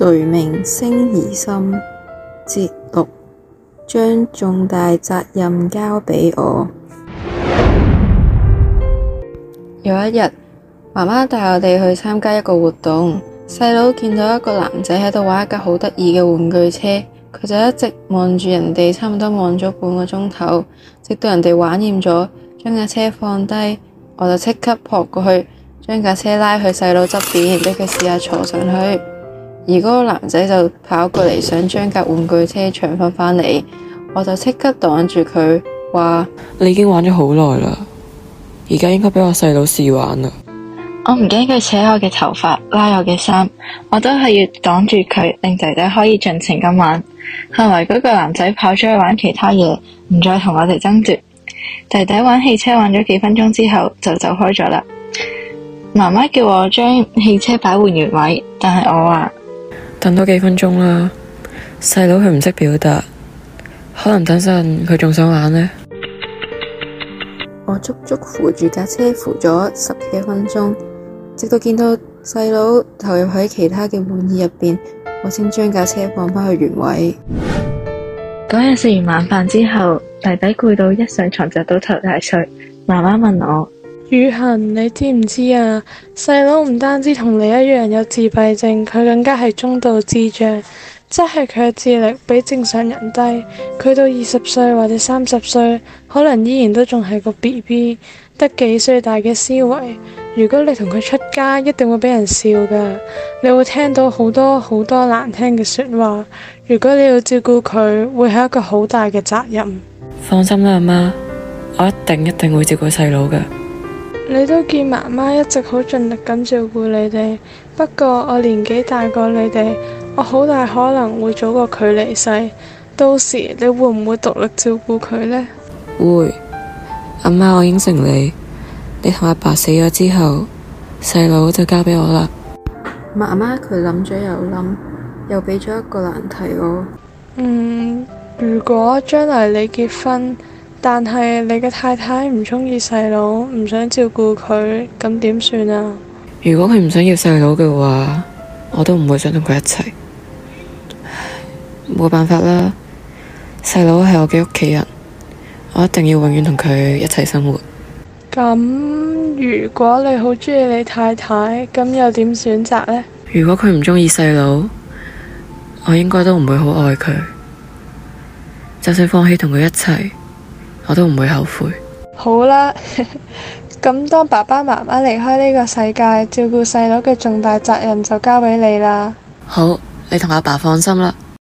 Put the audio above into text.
誰明星兒心節錄，將重大責任交俾我。有一日，媽媽帶我哋去參加一個活動，細佬見到一個男仔喺度玩一架好得意嘅玩具車，佢就一直望住人哋，差唔多望咗半個鐘頭，直到人哋玩厭咗，將架車放低，我就即刻撲過去，將架車拉去細佬側邊，俾佢試下坐上去。而嗰個男仔就跑過嚟，想將架玩具車搶翻翻嚟，我就即刻擋住佢，話：你已經玩咗好耐啦，而家應該俾我細佬試玩啦。我唔驚佢扯我嘅頭髮，拉我嘅衫，我都係要擋住佢，令弟弟可以盡情咁玩。後來嗰個男仔跑出去玩其他嘢，唔再同我哋爭奪。弟弟玩汽車玩咗幾分鐘之後就走開咗啦。媽媽叫我將汽車擺回原位，但係我話，等多幾分鐘啦，細佬佢唔識表達，可能等陣佢仲想玩呢。我足足扶住架車扶咗十幾分鐘，直到見到細佬投入喺其他嘅玩意入邊，我先將架車放返去原位。嗰日食完晚飯之後，弟弟攰到一上床就倒頭大睡。媽媽問我。雨恆，你知唔知啊？細佬唔單止同你一樣有自閉症，佢更加係中度智障，即係佢嘅智力比正常人低。佢到二十歲或者三十歲，可能依然都仲係個 BB，得幾歲大嘅思維。如果你同佢出街，一定會俾人笑噶。你會聽到好多好多難聽嘅說話。如果你要照顧佢，會係一個好大嘅責任。放心啦，阿媽，我一定一定會照顧細佬噶。你都見媽媽一直好盡力咁照顧你哋，不過我年紀大過你哋，我好大可能會早過佢離世，到時你會唔會獨立照顧佢呢？會，阿媽，我應承你，你同阿爸死咗之後，細佬就交俾我啦。媽媽佢諗咗又諗，又俾咗一個難題我。嗯，如果將來你結婚，但係你嘅太太唔鍾意細佬，唔想照顧佢，咁點算啊？如果佢唔想要細佬嘅話，我都唔會想同佢一齊。冇辦法啦，細佬係我嘅屋企人，我一定要永遠同佢一齊生活。咁如果你好鍾意你太太，咁又點選擇呢？如果佢唔鍾意細佬，我應該都唔會好愛佢。就算放棄同佢一齊。我都唔會後悔。好啦吧，咁 當爸爸媽媽離開呢個世界，照顧細佬嘅重大責任就交俾你啦。好，你同阿爸、爸放心啦。